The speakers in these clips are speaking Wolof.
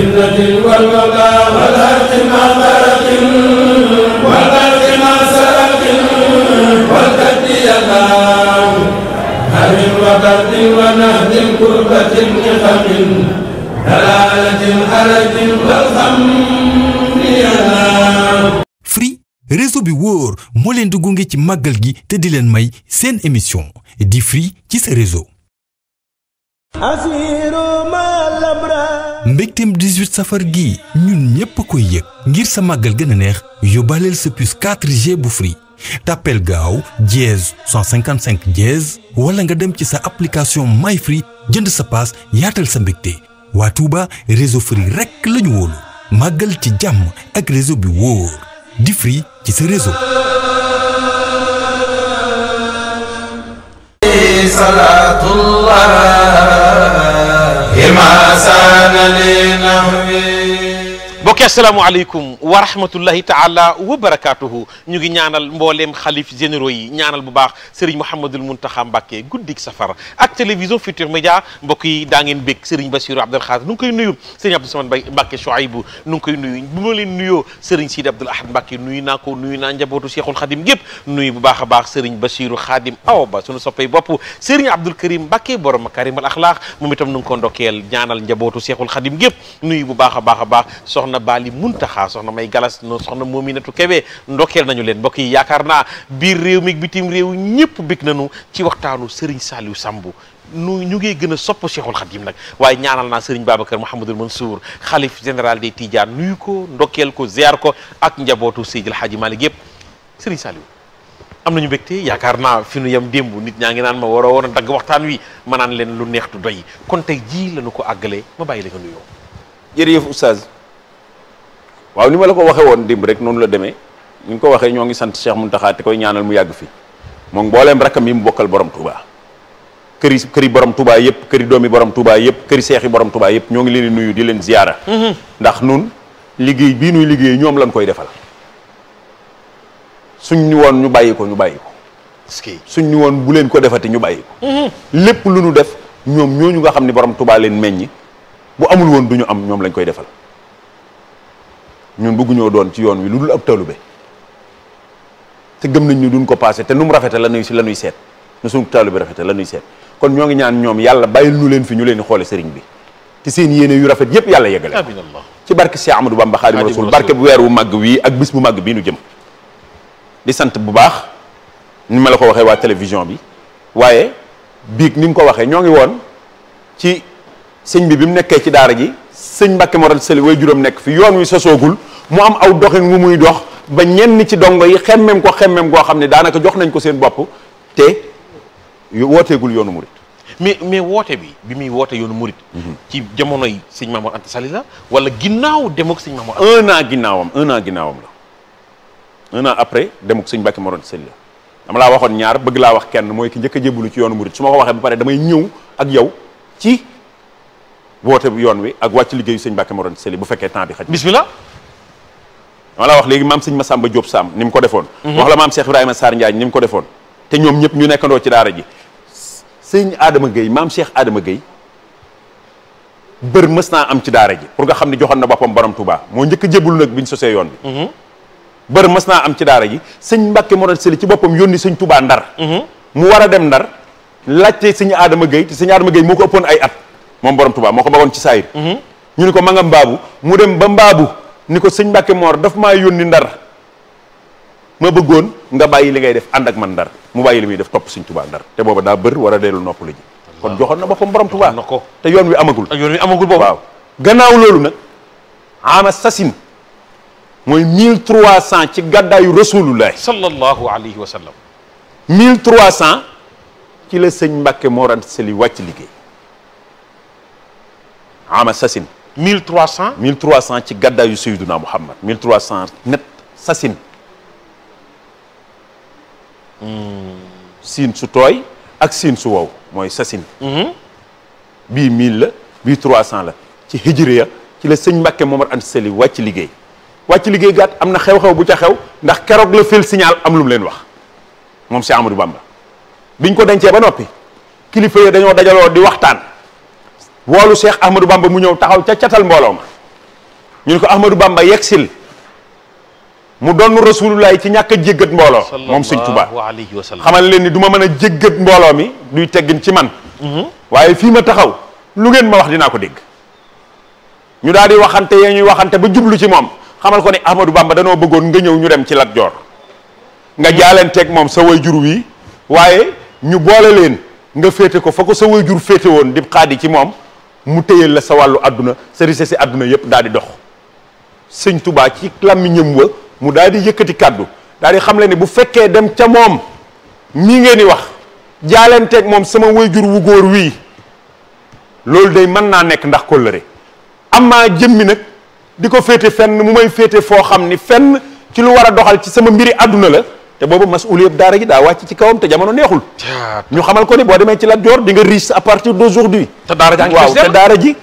جنة والوباء réseau bi wóor moo leen di gunge ci màggal gi te di leen may seen émission di Free ci sa réseau mbégteem 18 safar gi ñun ñépp koy yëg ngir sa màggal gën a neex yóbbaaleel sa puce 4G bu Free tàppeel gaaw dièse 155 dièse wala nga dem ci sa application My Free jënd sa paas yaatal sa mbigte waa Touba réseau Free rekk la ñu màggal ci jàmm ak réseau bi wóor di Free ci sa réseau إما سان لنهوي mbokki asalaamaaleykum wa rahmatullahi taala wa barakaatuhu ñu ngi ñaanal mbooleem xalif généraux yi ñaanal bu baax Serigne Mouhamadul Mountakha Mbacké guddik safar ak télévision Futur Média mbokk yi daa ngeen bég Serigne Bassirou Abdoul Khadre nu ngi koy nuyu Serigne Abdou Samad Mbacké Chouaïbou nu ngi koy nuyu bu ma leen nuyoo Serigne Sidi Abdoul Ahad Mbacké nuyu naa ko nuyu naa njabootu Cheikhul Khadim gépp nuyu bu baax a baax Serigne Bassirou Khadim Awa Ba suñu soppay bopp Serigne Abdoul Karim Mbacké borom makarimal axlaaq moom itam nu ko ndokkeel ñaanal njabootu Cheikhul Khadim gépp nuyu bu baax a baax a baax soxna Baali Muntaxa soxna May Galas no soxna Mominatu Kebe ndokkeel nañu leen mbokk yi yaakaar naa biir réew mi bitim réew ñëpp bég nañu ci waxtaanu sëriñ Saliou Samb nu ñu ngi gën a sopp Cheikhul Khadim nag waaye ñaanal naa Serigne Babacar Mouhamadul Mansour xalif général des Tidiane nuyu ko ndokkeel ko ziar ko ak njabootu Seydil Hadji Malick yëpp Serigne Saliou am nañu mbégte yaakaar naa fi nu yem démb nit ñaa ngi naan ma waroo woon a dagg waxtaan wi ma naan leen lu neex du doy kon tey jii lañu ko àggale waaw ni ma la ko waxee woon dimb rek noonu la demee ni ñu ko waxee ñoo ngi sant mun Mountakha te koy ñaanal mu yàgg fi moom mbooleem rakkam yi mu bokkal borom Touba këri këri borom Touba yëpp këri doomi borom Touba yëpp këri seexi borom Touba yëpp ñoo ngi leen di leen ziyaara mhm. ndax nun liggéey bii nuy liggéey ñoom lañ koy defal suñ ñu woon ñu bàyyi ko ñu bàyyi ko suñ ñu woon bu leen ko defati ñu bàyyi mhm. lépp lu ñu def ñoom ñooñu nga xam ne borom Touba leen meññi bu amul woon du ñu am ñoom lañ koy defal ñun bëgguñoo doon ci yoon wi lu dul ab talube te gëm nañ ñu duñ ko passé te nu mu rafete la nuy si la nuy seet na suñu talube rafete la nuy seet kon ñoo ngi ñaan ñoom yàlla bàyyil ñu leen fi ñu leen di xoole sëriñ bi te seen yéene yu rafet yépp yàlla yegale ci barke Cheikh Amadou Bamba Xaadimu Rasul barke bu weer wu màgg wii ak bis bu màgg bi nu jëm di sant bu baax ni ma la ko waxee waa télévision bi waaye biig ni nga ko waxee ñoo ngi woon ci sëñ bi bi mu nekkee ci daara ji sëñ Mbàkke Moral Sëli way juróom nekk fi yoon wi sosoogul mu am aw doxin wu muy dox ba ñenn ci dongo yi xemmem ko xemmem koo xam ne daanaka jox nañ ko seen bopp te wooteegul yoonu murit mais mais woote bi bi muy woote yoonu murit mhm. ci jamonoy sëñ Mamour Anta Sali la wala ginnaaw dem ak sëñ Mamour un an ginnaawam un ginnaawam la un an après dem ak sëñ Mbàkke Mor Anta waxoon ñaar bëgg laa wax kenn mooy ki njëkk a jébbalu ci yoonu murit su ma ko waxee ba pare damay ñëw ak yow ci woote yoon wi ak wàcc liggéeyu sëñ Mbàkke Mor Anta bu fekkee temps bi xaj bismillah dama la wax léegi maam sëñ Massamba Diop Sam ni mu ko defoon mhm. wax la maam Cheikh Ibrahima Sarr Ndiaye ni mu ko defoon te ñoom ñëpp ñu nekkandoo ci daara ji sëñ Adama Gueye maam Cheikh Adama Gueye bër mës naa am ci daara ji pour nga xam ne joxoon na boppam borom Touba moo njëkk a jébul nag biñ sosee yoon bi mhm. bër naa am ci daara ji sëñ Mbàkke Moral Sëli ci boppam yónni sëñ tubaa Ndar mhm. mu war a dem Ndar laajte sëñ Adama Gueye te sëñ Adama Gueye moo ko ëppoon ay at moom borom Touba moo ko bagoon ci saayir ñu ni ko ma mbaabu mu dem ba mbaabu ni ko sëñ Mbàkke Moor daf maa yónni ndar ma bëggoon nga bàyyi li ngay def ànd ak man ndar mu bàyyi li muy def topp sëñ Tuubaa ndar te booba daa bër war a dellu nopp la ji kon joxoon na boppam borom Tuubaa na ko te yoon wi amagul yoon wi amagul boobu waaw gannaaw loolu nag ama sasin mooy mille trois cent ci gàddaayu rasulullahi sallallahu alayhi wa sallam mille trois cent ci la sëñ Mbàkke Moor Anta Sali wàcc liggéey ama sasin 1300 1300 ci gàddaayu Seydina Muhammad 1300 net sasin hmm. siin su tooy ak siin su wow mooy sasin mhm. bii 1000 la bii 300 la ci hijriya ci la sëñ Mbàkke Momar Anta Sali wàcc liggéey wàcc liggéey gàtt am na xew-xew bu ca xew ndax keroog la fil signal am lu mu leen wax moom si Amadou Bamba biñ ko dencee ba noppi kilifa yi dañoo dajaloo di waxtaan woolu Cheikh Ahmadou Bamba mu ñëw taxaw ca catal mbooloo ma ñu ne ko Ahmadou Bamba yegsil mu doon rasulullah ci ñàkk a jéggat mbooloo moom sëñ Tuubaa xamal leen ni du mën a jéggat mbooloo mi duy teggin ci man mm-hmm. waaye fii ma taxaw lu ngeen ma wax dinaa ko dégg ñu daal di waxante yee ñuy waxante ba jublu ci moom xamal ko ne Ahmadou Bamba danoo bëggoon nga ñëw ñu dem ci Lat Joor nga mm-hmm. teg moom sa way jur wii waaye ñu boole leen nga féete ko fa ko sa way jur féete woon di ci moom mu téye la sa wàllu àdduna sa risé si àdduna yëpp daal di dox sëñ tubaa ci làmmiñam wa mu daal di yëkkati kàddu daal di xam le ne bu fekkee dem ca moom ñi ngeen di wax jaalenteeg moom sama wayjur wu góor wii loolu day mën naa nekk ndax kóllëre amaa jëmmi nag di ko féete fenn mu may féete foo xam ni fenn ci lu war a doxal ci sama mbiri àdduna la te boobu masuliya daara gi daa wàcc ci kawam te jamono neexul. ñu xamal ko ni boo demee ci Lat yor dinga nga riche à partir d'aujourd'hui. te daara jàng waaw te daara ji.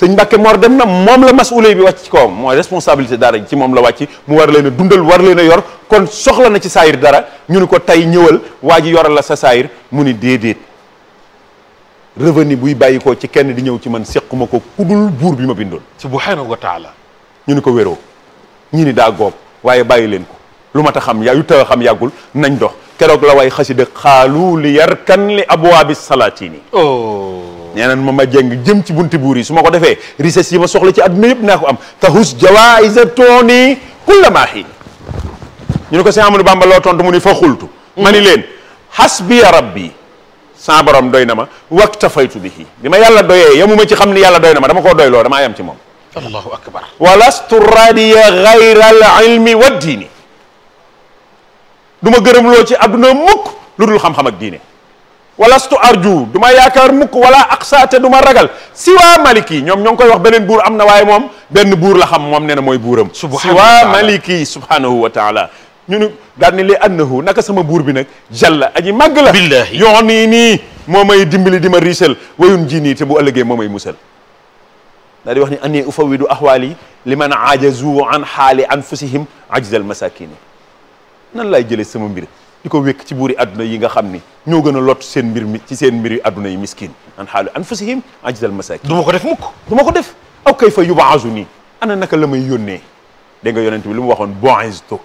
sëñ Mbàkke moor dem na moom la masuliya bi wàcc ci kawam mooy responsabilité daara ji ci moom la wàcc mu war leen a dundal war leen yor kon soxla na ci saayir dara ñu ni ko tey ñëwal waa ji yoral la sa saayir mu ni déedéet revenu buy bàyyi ko ci kenn di ñëw ci man sequma ko kudul buur bi ma bindoon. subhaanahu wa taala. ñu ni ko wéroo ñu ni daa góob waaye bàyyi leen ko. lu mat a xam yaa yu taw a xam yàggul nañ dox keroog la way xasida xaalu li yarkan li abwaabi salaatini oh. nee naan ma ma jeng jëm ci bunti buur su ma ko defee richesse yi ma soxla ci adduna yëpp naa ko am tahus jawaïsa tooni kulla maaxiin ñu ne ko si Amadou Bamba loo tontu mu ni fa xultu ma ni leen hasbiya rabbi sa borom doy na ma waktafaytu bihi bi ma yàlla doyee yamuma ci xam ni yàlla doy na ma dama koo doy loo damaa yam ci moom allahu akbar walastu radiya gayra al ilmi du ma gërëm loo ci àdduna mukk lu dul xam-xam ak diine walastu arju du ma yaakaar mukk wala aqsa te du ma ragal siwa maliki ñoom ñoo ngi koy wax beneen buur am na waaye moom benn buur la xam moom nee na mooy buuram siwa maliki subhanahu wa taala ñu ni daal ni li annahu naka sama buur bi nag jalla aji màgg la billahi yoon yi nii moo may dimbali di ma riisal wayun ji nii te bu ëllëgee moo may musal daal di wax ni anni ufawidu ahwaali liman ajazu an xaali anfusihim ajzal masakini nan laay jëlee sama mbir di ko wekk ci buuri àdduna yi nga xam ni ñoo gën a lot seen mbir mi ci seen mbir yu àdduna yi miskin an xaalu anfusihim ajdal masakin du ma ko def mukk du ma ko def aw kay fa yubaasu nii ana naka la may yónnee dégg nga yonent bi lu mu waxoon boisto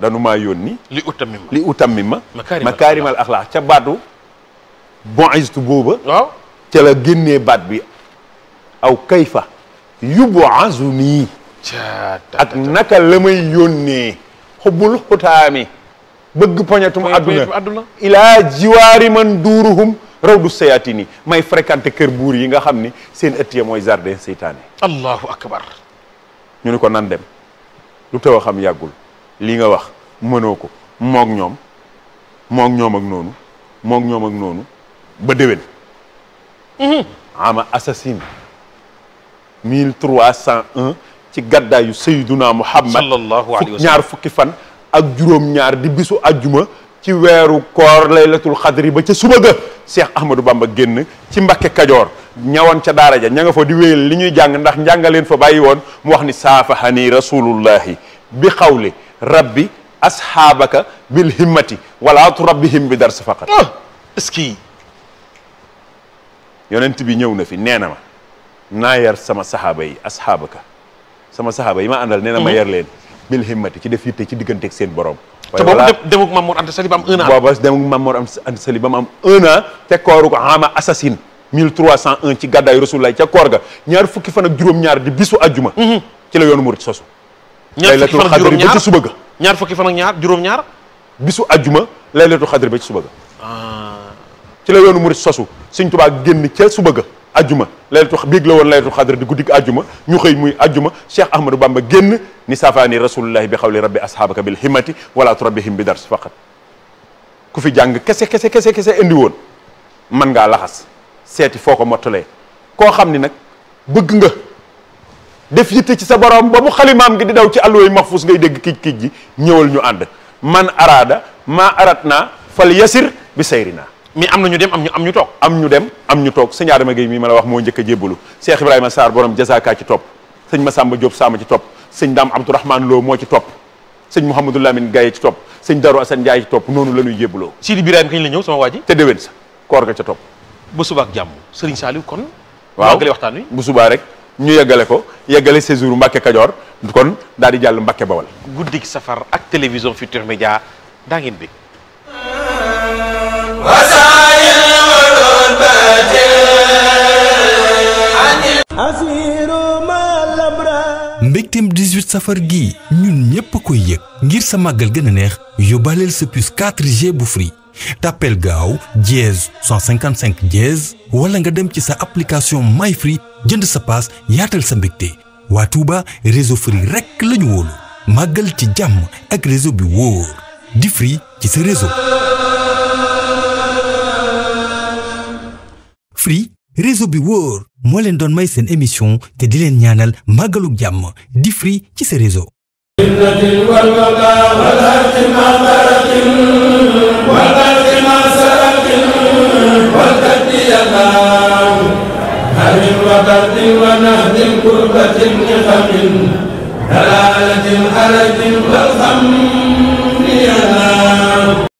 danu maa li utammima li utammima makaarimal axlaax ca baatu boisto booba waaw ca la génnee baat bi aw kayfa yubaasu nii ak naka la may yónnee xubbul xutaami bëgg poñatum adduna ilaa jiwaari man duuruhum raw du sayatini may fréquenté kër buur yi nga xam ni seen ëtt ya mooy jardin seytaane allahu akbar ñu ni ko nan dem lu taw xam yàggul li nga wax mënoo ko moog ñoom moog ñoom ak noonu moog ñoom ak noonu ba déwén mhm. ama assasine ci gàddaayu sayyiduna muhammad ñaar fukki fan ak juróom-ñaar di bisu ajjuma ci weeru koor laylatul xadri ba ca suba ga Cheikh Ahmadou Bamba génn ci Mbakke Kajoor ñawoon ca daara ja ña nga fa di wéyal li ñuy jàng ndax njàngaleen fa bàyyi woon mu wax ni saafahani rasulullahi bi xawli rabbi asxaabaka bil himmati wala turabbihim bi dars faqat ah, est-ce que yonent bi ñëw na fi nee na ma naa yar sama saxaaba yi asxaabaka sama saxaaba yi ma àndal nee na ma mhm. yar leen bil himmati ci def yitte ci digganteeg seen borom te boobu demuk Mamour Anta Sali am un an boobu demuk Mamour Anta Sali am un an kooru ko assasine ci gàddaay Rasulullah ca koor ga ñaar fukki fan ak juróom-ñaar di bisu àjjuma mhm. ci la yoonu murit sosu laylatul xadri ba ñaar fukki fan ñaar juróom-ñaar bisu àjjuma laylatul xadri ba ci suba ga ah. ci la yoonu murit sosu Sëñ Tuubaa génn ca suba ga ajjuma laylatul biig la woon laylatul xadr di guddik ajjuma ñu xëy muy ajjuma Cheikh Ahmadou Bamba génn ni safaani rasulullahi bi xawli rabbi ashabaka bil himati wala turabihim bi dars faqat ku fi jàng kese kese kese kese indi woon mën ngaa laxas seeti foo ko mottalee koo xam ni nag bëgg nga def yitte ci sa borom ba mu xalimaam gi di daw ci alluway mahfus ngay dégg kiij kiij ji ñëwal ñu ànd man araada maa arat fal yasir bi sayri naa mais am na ñu dem am ñu am ñu toog am ñu dem am ñu toog sëñ Adama Gueye mii ma la wax moo njëkk a jébbalu Cheikh Ibrahima Sarr borom jasaka ci topp sëñ Massamba Diop Sama ci topp sëñ Dame Abdourahmane Lo moo ci topp sëñ Mouhamadou Lamine Gaye ci topp sëñ Darou Assane Ndiaye ci topp noonu la ñuy jébbaloo Sidi Birahim kañ la ñëw sama waa ji te déwén sa koor ga ca topp bu subaa ak jàmm Serigne Saliou kon waaw yàggale waxtaan wi bu subaa rek ñu yeggale ko yeggale séjour Mbacke Kajoor daa ngeen bi mbégteem 18 safar gi ñun ñépp koy yëg ngir sa màggal gëna neex yóbbaaleel sa puce 4 bu fri tàppeel gaaw dièse 155 dièse wala nga dem ci sa application My Free jënd sa paas yaatal sa mbégte waa réseau Free rekk la ñu màggal ci jàmm ak réseau bi wóor di Free ci sa réseau Free réseau bi wóor moo leen doon may seen émission te di leen ñaanal màggalu jàmm di Free ci sa réseau. دلالة حرج والخم ينام